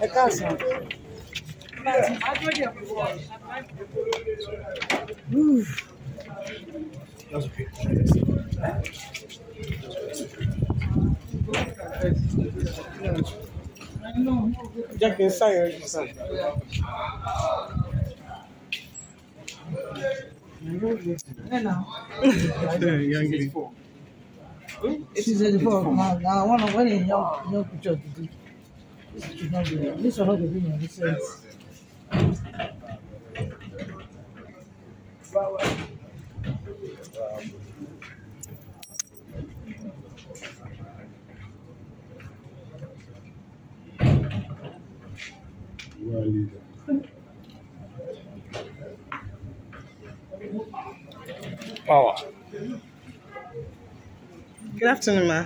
ẹ káàsán. That's okay. jẹ́ kí n sáyẹn ojú sàn. Yeah, yeah, yeah. She's 84. Now, one of when young, young picture to do. This should not be This will not be being recent. You are Power. Good afternoon, ma.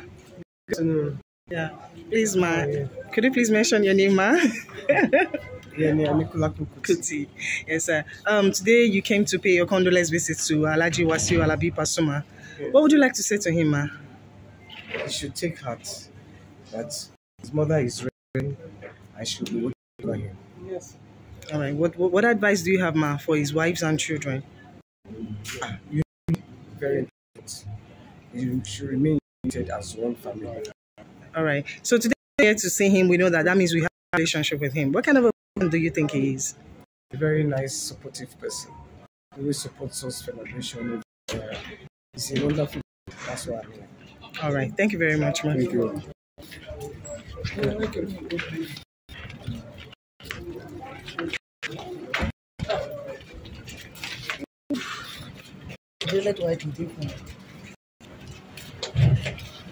Good afternoon. Yeah. Please, ma. Yeah. Could you please mention your name, ma? Yes, sir. Um, today you came to pay your condolence visit to Alaji Wasiu Alabi Pasuma. What would you like to say to him, ma? He should take heart that his mother is ready and should be waiting for him. Yes. All right. What, what, what advice do you have, ma, for his wives and children? Ah, you very important. You should remain treated as one family. All right. So today we're here to see him. We know that that means we have a relationship with him. What kind of a person do you think he is? A very nice, supportive person. He always supports us for he's a wonderful. That's what I mean. All right. Thank you very much, man. Thank you. white and different.